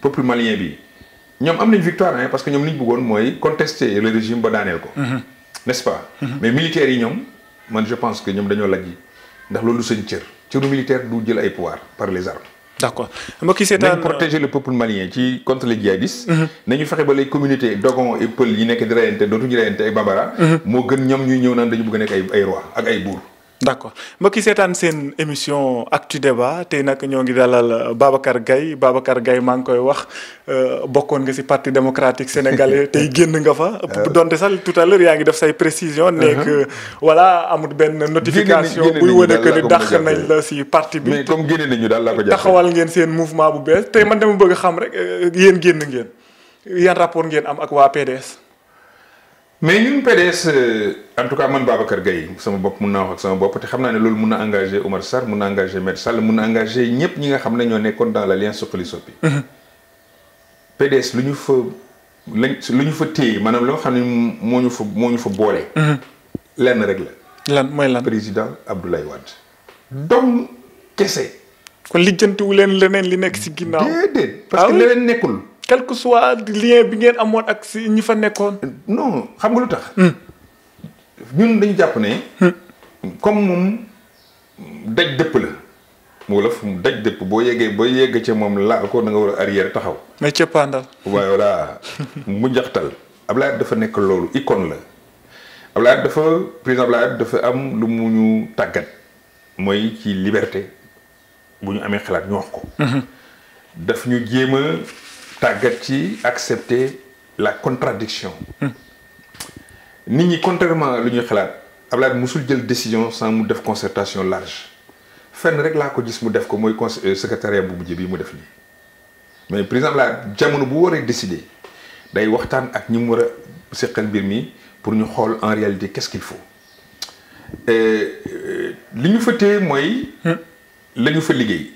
peuple malien bi ñom am nañ victoire hein parce que ñom niñ ñu bëggoon contester le régime ba daaneel ko. Mhm. n'est-ce pas. Mhm. mais militaire yi ñom man je pense que ñom dañoo laji ndax lolu seen cër cëru militaire du jël ay pouvoir par les armes. d'accord mbokk qui sest nañ protéger le peuple malien ci contre les djihadistes. Mhm. nañu fexé ba les communautés dogon et peul yi nekk di dotu ñu reyante ak bambara. mo gën ñoom ñuy ñëw nan dañu bëgg nek ay ay roi ak ay buur. D'accord. Je suis en une émission Actu Débat tey nag ñoo Babacar Gaye Babacar Gaye euh, parti démocratique sénégalais Vous euh. tout à l'heure uh-huh. Il y a précision voilà amut ben notification Il parti mais comme mouvement bu vous man dama bëgg xam euh, rapport PDS. mais ñun PDS euh, en tout cas man Babacar Gaye sama bopp mun naa wax ak sama bopp te xam naa ne loolu mun na engagé Omar Sarr mun na engagé Maître Sall mun na engagé ñëpp ñi nga xam ne ñoo nekkoon dans l'alliance Suxali Soppi. Mm-hmm. PDS lu ñu fa lañ lu ñu fa téye maanaam li nga xam ne moo ñu fa moo ñu fa boole. Mm-hmm. lenn rek la. lan mooy lan président Abdoulaye Wade. donc kese. kon lijjantiwu leen leneen li nekk si ginnaaw. déedéet ah parce que leneen nekkul. quel que soit lien bi ngeen amoon ak si ñi fa nekkoon. non xam nga lu tax. Hmm. ñun dañu jàpp ne. Hmm. comme moom daj dëpp la. wala fu mu daj dëpp boo yeggee boo yegg ca moom laal ko da nga war a arrière taxaw. mais cëppaandal. waaye voilà mu njaxtal. Ablaye dafa nekk loolu icône la. Ablaye dafa président Ablaye dafa am lu mu ñu tàggat. mooy ci liberté bu ñu amee xalaat ñu wax ko. Hmm. daf ñu jéem tàggat ci accepter la contradiction nit contrairement lu ñuy xalaat Ablaye musul jël décision sans mu def concertation large fenn rek la ko gis mu def ko moy secrétaire euh, secrétariat bu mujj bi mu def ni mais par exemple la jamono bu waree décider day waxtaan ak ñi mu war a mi pour ñu xol en réalité qu'est-ce qu'il faut euh liñu fa té moy hmm. lañu fa liggéey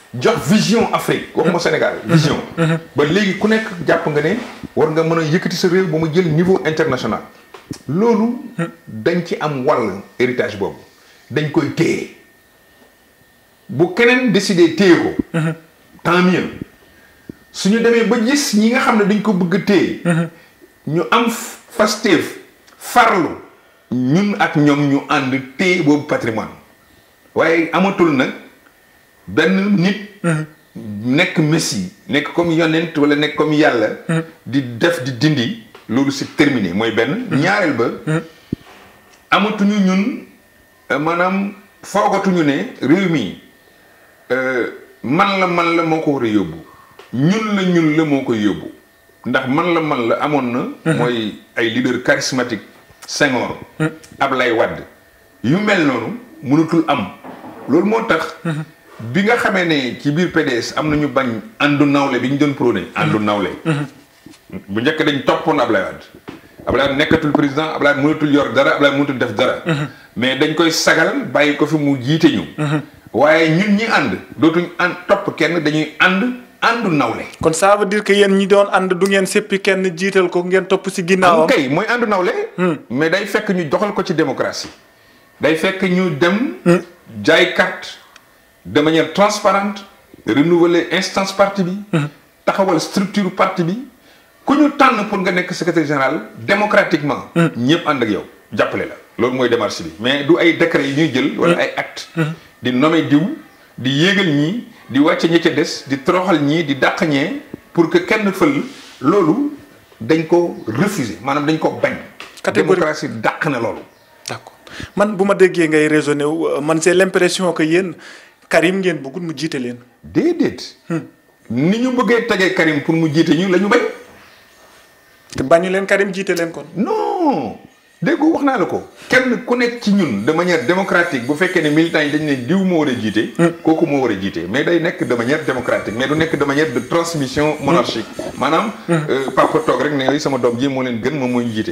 jox vision Afrique waxuma Sénégal vision ba léegi ku nekk jàpp nga ne war nga mën a yëkkati sa réew ba ma jël niveau international loolu dañ ci am wàll héritage boobu dañ koy téye bu keneen décidé téye ko tant mieux suñu demee ba gis ñi nga xam ne dañ ko bëgg téye ñu am fasteef farlu ñun ak ñoom ñu ànd téye boobu patrimoine waaye amatul nag benn nit. Mhm. nekk messie nekk comme yonent wala nekk comme yàlla. Mhm. di def di dindi loolu c'est terminé mooy benn. Mhm. ñaareel ba. amatuñu ñun euh, maanaam foogatuñu ne réew mi euh, man la man la moo ko war a yóbbu ñun la ñun la moo koy yóbbu ndax man la man la amoon na. mooy ay leader charismatique Senghor. Ablaye Wade yu mel noonu mënatul am loolu moo tax. bi nga xamee ne ci biir PDS am na ñu bañ àndu nawle bi ñu doon prôné àndu mm-hmm. nawle. Mm-hmm. bu njëkk dañ toppoon Ablaye Wade Ablaye Wade nekkatul président Ablaye Wade mënatul yor dara Ablaye Wade mënatul def dara. Mm-hmm. mais dañ koy sagal bàyyi ko fi mu jiite ñu. waaye ñun ñi ànd dootuñ ànd topp kenn dañuy ànd àndu nawle. kon ça veut dire que yéen ñi doon ànd du ngeen séppi kenn jiital ko ngeen topp si ginnaawam. kay mooy àndu nawle. Hmm. mais day fekk ñu joxal ko ci démocratie. day fekk ñu dem. Hmm. jaay carte. de manière transparente renouveler instance parti bi. Mhm. taxawal structure parti bi nous ñu pour nga nekk secrétaire général démocratiquement. Mhm. ñëpp ànd ak yow jàppale la. loolu mooy démarche mais du ay décret yi ñuy jël. wala mhm. ay acte di nommer diw di yéegal ñii di wàcce ñi des di toroxal ñii di dàq pour que kenn fasse loolu dañ ko refuser manam dañ ko bañ. démocratie dàq na lolu d'accord man buma déggé ngay raisonné euh, man c'est l'impression que yéen. Karim ngeen bëggul mu jiite leen. déedéet. Hmm. ni ñu bëggee tagee Karim pour mu jiite ñu la ñu bañ. te bañu leen Karim jiite leen kon. non dégg wax naa la ko kenn ku nekk ci ñun de manière démocratique bu fekkee ne militants yi dañ ne diw moo war a jiite. Hmm. kooku moo war a jiite mais day nekk de manière démocratique mais du nekk de manière de transmission hmm. monarchique. maanaam. Euh, papa toog rek ne sama doom ji moo leen gën moom mooy jiite.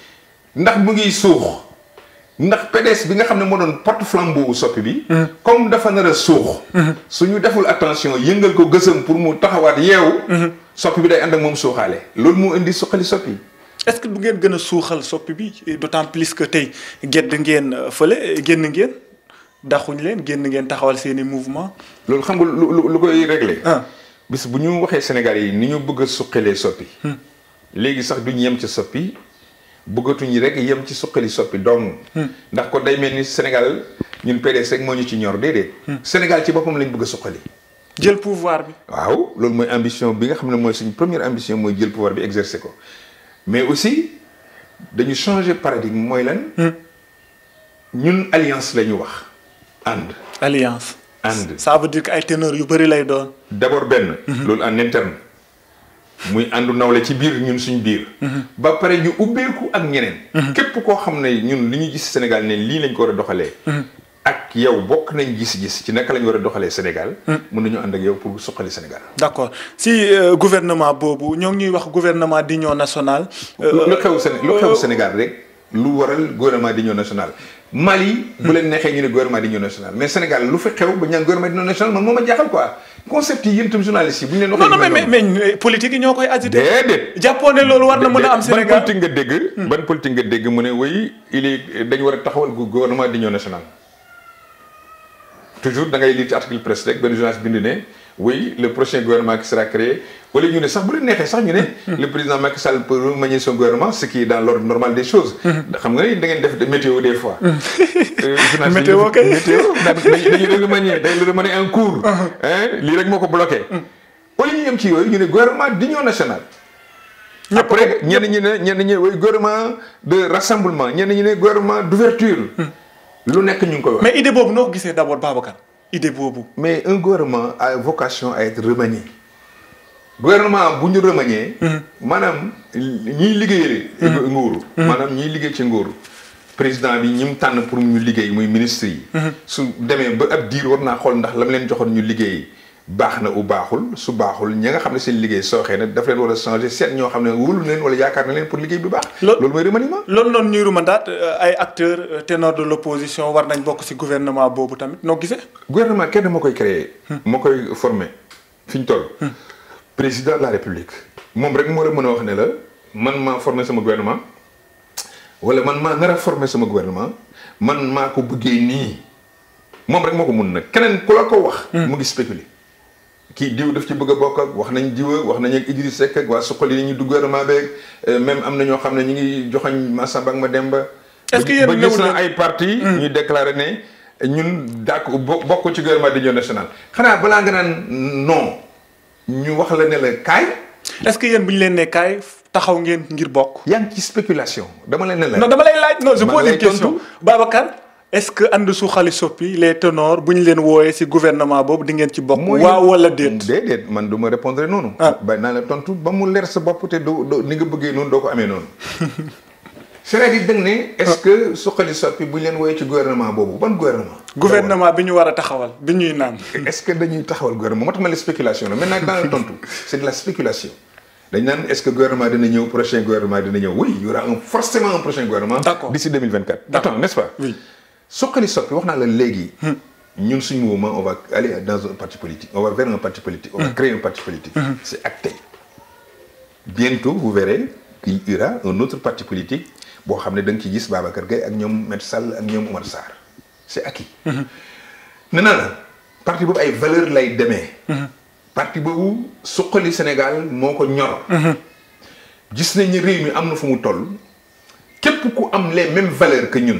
ndax mu ngi suux ndax PDS bi nga xam ne moo doon porte bu soppi bi. Mm-hmm. comme dafa nar a suux. Mm-hmm. suñu deful attention yëngal ko gësëm pour mu taxawaat yeewu. Mm-hmm. soppi bi day ànd ak moom suuxaale. loolu moo indi suqali soppi. est-ce que bu ngeen gën a suuxal soppi bi d'autant plus que tey gedd ngeen euh, fële génn ngeen daxuñ leen génn ngeen taxawal seen i mouvement. loolu xam nga lu lu lu koy réglé. Ah. bis bu ñu waxee Sénégal yi ni ñu bëgg a suqalee soppi. Hmm. léegi sax du yem ci soppi. bëggatuñu rek yëm ci suqali soppi dong. Hmm. ndax ko day melni Sénégal ñun PDS ak moñu ci ñor dédé hmm. Sénégal ci boppam lañ bëgg a suqali. jël pouvoir bi. waaw loolu mooy ambition bi nga xam ne mooy suñu première ambition mooy jël pouvoir bi exercer ko mais aussi dañu changer paradigme mooy lan. Hmm. ñun alliance la ñu wax. and alliance. and ça veut dire que ay teneur yu bëri lay doon. d' abord benn. loolu en interne. muy àndu nawle ci biir ñun suñu biir. Mhm. ba pare ñu ubbeeku ak ñeneen. Mhm. képp koo xam ne ñun li ñuy gis Sénégal ne lii lañ ko war a doxalee. Mhm. ak yow bokk nañ gis-gis ci naka la ñu war a doxalee Sénégal. mën nañu ànd ak yow pour suqali Sénégal. d' accord si euh, gouvernement boobu ñoo ngi ñuy wax gouvernement di union nationale. lu euh, xew Séné lu xew euh, Sénégal rek lu waral gouvernement d' union nationale. Mali. bu leen neexee ñu ne gouvernement d'union nationale mais Sénégal lu fi xew ba ñu gouvernement d'union nationale man moo ma jaaxal quoi concept yi yéen itam journaliste yi bu ñu leen waxee. non mais mais politique yi ñoo koy agité. déedéet jàppoon ne loolu war na mën a am. Sénégal hmm. ban politique nga nga dégg mu ne oui il est dañu war a taxawal gouvernement d'union nationale toujours da ngay lire ci article presse rek benn journaliste bind ne. oui le prochain gouvernement qui sera créé wala ñu ne sax bu sax ñu le président Macky Sall peut remanier son gouvernement ce qui est dans l'ordre normal des choses xam nga il y a des météo des fois euh, météo kay météo Dans une manière, day le remanier en cours uh-huh. il hein, rek a des bloqué qui ñu yem ci yooyu ñu gouvernement d'union nationale après ñenn ñu a des ñu way gouvernement de rassemblement ñenn ñu ne gouvernement d'ouverture hmm. lu nekk ñu ngi koy mais idée vous noo ko d'abord Babacar mais un gouvernement a vocation à être remanié. gouvernement bu remanié. Madame, vous. Madame, liggéey ci président bi ñim tan pour ñu liggéey muy ministre yi. Mhm. su ba ab diir war na xol ndax baxna ou baxul baaxul su baaxul ñi nga xam ne seen liggéey sooxee na daf leen war changer seet ñoo xamné ne leen wala yaakaar na leen pour liggéey bi baax. lool moy remaniement. lool non ñuy rumandaat euh, ay acteurs euh, ténor de l'opposition war nañ bokk ci gouvernement bobu tamit no gisee. gouvernement kenn moo koy créer hmm. moo koy former fiñ ñu toll. Hmm. président de la république. mom rek mo la mëna wax né la man ma former sama gouvernement wala man ma nga a former sama gouvernement man maa ko bëggee nii moom rek moko mëna mun nag keneen ku la ko wax. Hmm. mu ngi spéculer. kii diw daf ci bëgg a bokk ak wax nañ diwa wax nañ ak Idriss Seck ak waa suqali yi ñu du gouvernement beeg euh, même am na ñoo xam ne ñu ngi joxoñ Massamba ma dem ba ce que yéen gis na ay parti hmm. ñuy déclaré ne ñun dàkk bokk ci gouvernement d'union national xanaa balaa nga naan non ñu wax la ne la kaay. est-ce que yéen bu ñu leen ne kaay taxaw ngeen ngir bokk. yan ci spéculation dama leen ne la. non dama lay laaj non je pose une question est-ce que ànd suxali Sopi, les ténors bu ñu leen wooyee ci gouvernement boobu di ngeen ci bokk. waaw wala déet vous man du ma répondre non. Ah. ba naa la tontu ba mu leer sa bopp te doo doo ni nga bëggee noonu ko c'est-à-dire est-ce que suxali soppi les ñu leen wooyee ci gouvernement boobu ban gouvernement. gouvernement bi ñu war a taxawal bi ñuy naan. est-ce que dañuy taxawal gouvernement moo tax ma la spéculation la maintenant naa la tontu c'est de la spéculation. dañ naan est-ce que gouvernement dina ñëw prochain gouvernement dina ñëw oui il y aura un forcément un prochain gouvernement. d'accord d'ici 2024. d'accord attends n'est-ce pas. oui suqali soppi wax naa la léegi. Hmm. ñun suñu mouvement on va aller dans un parti politique on va vers un parti politique. on va hmm. créer un parti politique. Hmm. c'est acté. bientôt vous verrez qu'il y aura un autre parti politique boo xam ne da nga ci gis Babacar Gueye ak ñoom Maître Sall ak c'est acquis. Non, non, parti boobu ay valeur lay demee. parti boobu suqali Sénégal moo ko ñor. gis nañ ne réew mi am na fu toll képp ku am les mêmes valeurs que ñun.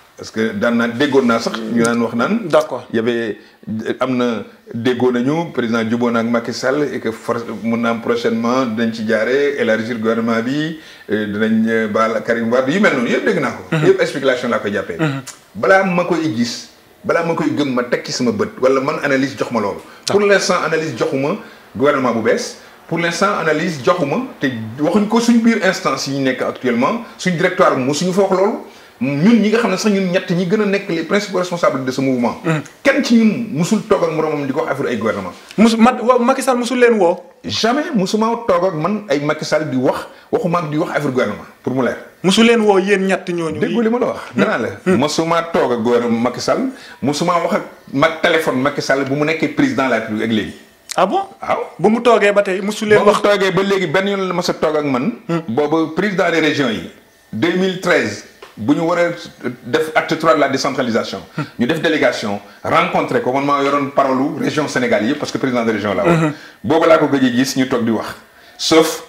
parce que dans la déggoon na sax ñu nan wax nan d'accord y avait amna déggoo nañu président juboo na ak Macky Sall et que for am prochainement dañ ci jaaree élargir gouvernement bi euh, dinañ euh, baal Karim Wad yu mel non yëpp dégg naa ko. Mhm. yëpp explication laa koy jàppee. Mhm. bala ma koy gis bala ma koy gëm ma tekki sama bët wala man analyse jox ma pour l'instant analyse joxuma gouvernement bu bess pour l'instant analyse joxuma té waxuñ ko suñ bir instance yi nekk actuellement suñ directoire mosuñu fa wax loolu. ñun ñi nga xam ne sax ñun ñett ñi gën a nekk les principaux responsables de ce mouvement. Mm. kenn ci ñun musul toog ak moroomam di ko wax affaire ay gouvernement. musu ma waaw Macky Sall musul leen woo. jamais musuma toog ak man ay Macky Sall di wax waxuma ak di wax affaire pour mu leer. musu leen woo yéen ñett ñooñu. déggu li ma la wax. danaa la mm. mm. ma toog ak gouvernement Macky Sall musuma wax ak mag téléphone Macky Sall bu mu nekkee président de la République ak léegi. ah bon waaw ah bu mu toogee ba tey musu leen. wax toogee ba léegi benn yoon la ma sa toog ak man. boobu président des région yi 2013. bu ñu def acte 3 de la décentralisation. ñu def délégation rencontré ko man maa parole région sénégalais parce que président de région là, woon. Mhm. boobu laa ko gëj a gis ñu toog di wax. sauf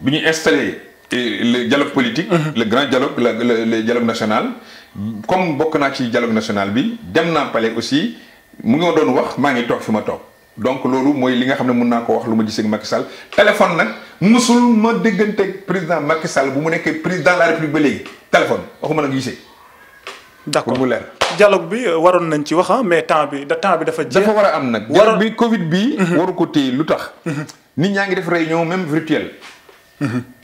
bi installer eh, le dialogue politique. Mhm. le grand dialogue le dialogue national. comme bokk naa ci dialogue national bi dem parler Palais aussi mu ngi doon wax maa ngi toog fi ma donc loolu mooy li nga xam ne mun naa ko wax lu ma gisee Macky Sall téléphone nag musul ma dégganteeg président Macky Sall bu mu nekkee président de la République ba téléphone waxuma la nga d'accord mu dialogue bi euh, Waron nañ ci wax hein, mais temps bi da temps bi dafa. jeex dafa wara am nak dialogue bi Covid bi mhm. Mhm. waru ko téy lutax tax. Mhm. nit ñi ngi def réunion même virtuelle.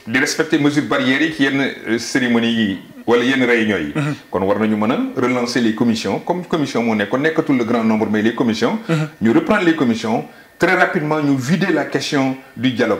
di respecter mesures barrières yi ci yenn euh, cérémonie yi wala yenn réunions yi. kon war nañu relancer les commissions comme commission moo nekkoon nekkatul le grand nombre mais les commissions. ñu reprendre les commissions très rapidement ñu vider la question du dialogue.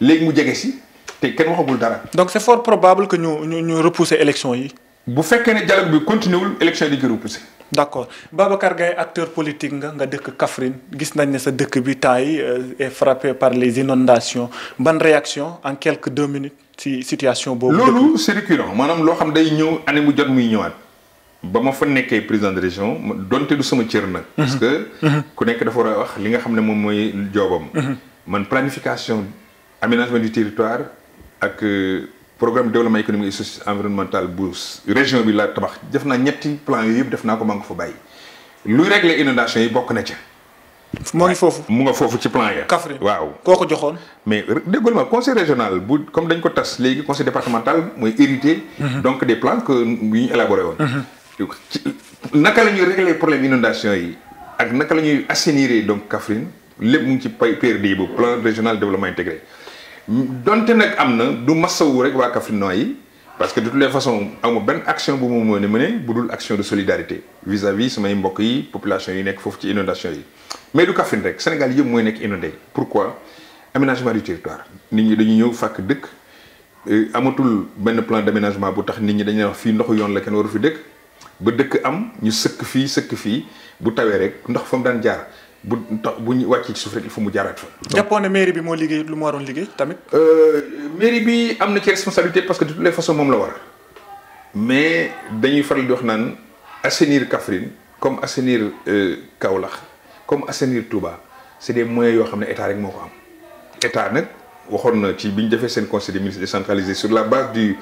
mu dara. donc c'est fort probable que ñu ñu repousser élection yi. bu fekkee ne dialogue bi continué wul élection yi d'accord Babacar Gaye acteur politique nga nga dëkk Kaffrine gis nañ ne sa dëkk bi taay euh, est frappé par les inondations ban réaction en quelques deux minutes ci situation bobu. loolu c'est récurrent maanaam loo xam day ñew année mu jot muy ñewat. Bama fa nekkee président de région donté du sama cër nak mhm. parce que mhm. ku nekk dafa war wax li nga xamné mom moy jobam. Mhm. man planification aménagement du territoire le euh, programme de développement économique et social environnemental La région bi la tabax def naa ñetti plan en yëpp def naa ko inondations fa bàyyi luy régler inondation yi bokk na ca. moo Il plan ya Kafrin. ko mais le conseil régional comme dañ ko tas le conseil départemental a hérité mhm. donc des plans que nous élaborons. élaboré woon mhm. naka les régler problème inondation yi ak naka la assainir donc Kafrin, les mu ci plan régional de développement intégré donté nak amna du masawu rek wa kafrino yi parce que de toutes les façons amul ben action bu mu mën a mëne action de solidarité vis-à-vis samay mbokk yi population yi nek fofu ci inondation yi mais du kafrin rek Sénégal yëpp mooy nekk inondé pourquoi aménagement du territoire nit ñi dañuy ñëw fàkk dëkk euh, amatul ben plan d'aménagement bu tax nit ñi dañuy fi fii ndoxu yoon la ken waru fi dëkk ba dëkk am ñu sëkk fi sëkk fi bu tawé rek ndox fa daan jaar bu bu ñu wàcc ci suuf rek il faut mu jaaraat fa. japon ne mairie bi moo liggéey lu mu waroon liggéey tamit. Euh, mairie bi am na ci responsabilité parce que de toutes les façons moom la war mais dañuy faral di wax naan assainir Kaffrine comme assainir euh, kaolax comme assainir Touba c' est des moyens yoo xam ne état rek moo ko am état nag waxoon na ci bi ñu defee seen conseil des ministres décentralisé sur la base du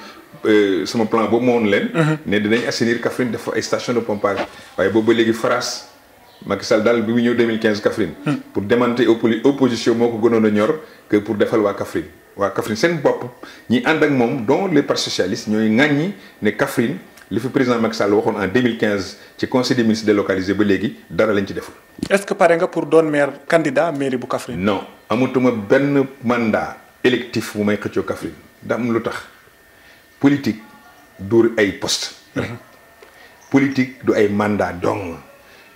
euh, sama plan boobu moo woon leen. Mhm. ne dinañ assainir Kaffrine def ay station de pompage waaye boobu ba léegi Faras. Macky Sall dal 2015 Kaffrine. Hmm. pour démanteler opposition moo ko gënoon ñor que pour défal wa Kaffrine wa Kaffrine sen bop ñi and ak mom dont les partis socialistes ñooy ŋàññi ne Kaffrine li président Macky Sall waxon en 2015 ci conseil des ministres délocalisé ba légui dara lañ ci est-ce que par nga pour donner maire candidat mairie bu Kaffrine. non amutuma un mandat électif bu may xëccoo Kaffrine da am lutax politique dur ay poste. politique du ay mm-hmm. mandat dong.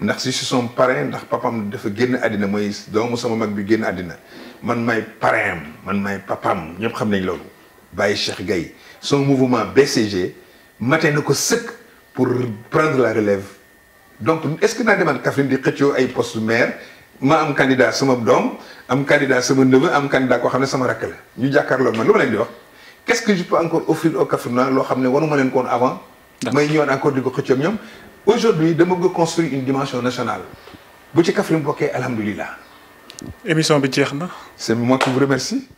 ndax si son parrain ndax papam dafa génn adina moy doomu sama mag bi génn adina man may parrain man may papam ñep xam nañ loolu baye Cheikh gay son mouvement BCG maté nako seuk pour prendre la relève donc est ce que na demal Kaffrine di xëccio ay poste maire ma am candidat sama dom, am candidat sama neveu am candidat ko xamne sama rak la ñu jàkkaarloo man lu ma di wax qu'est ce que je peux encore offrir au Kaffrinois lo xamne waruma len ko avant may ñëw encore di ko xëccio ñom aujourd'hui je vais construire une dimension nationale bu ci Kaffrine bokkee émission bi Émission c'est moi qui vous remercie.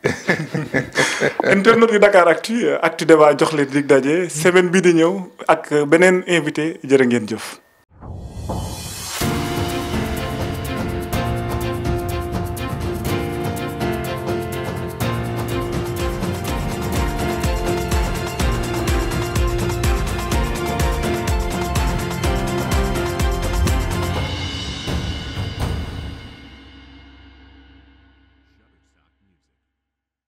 internet de Dakar Actu Actu Débat jox Dik dig semaine bi di invité jërë Diouf.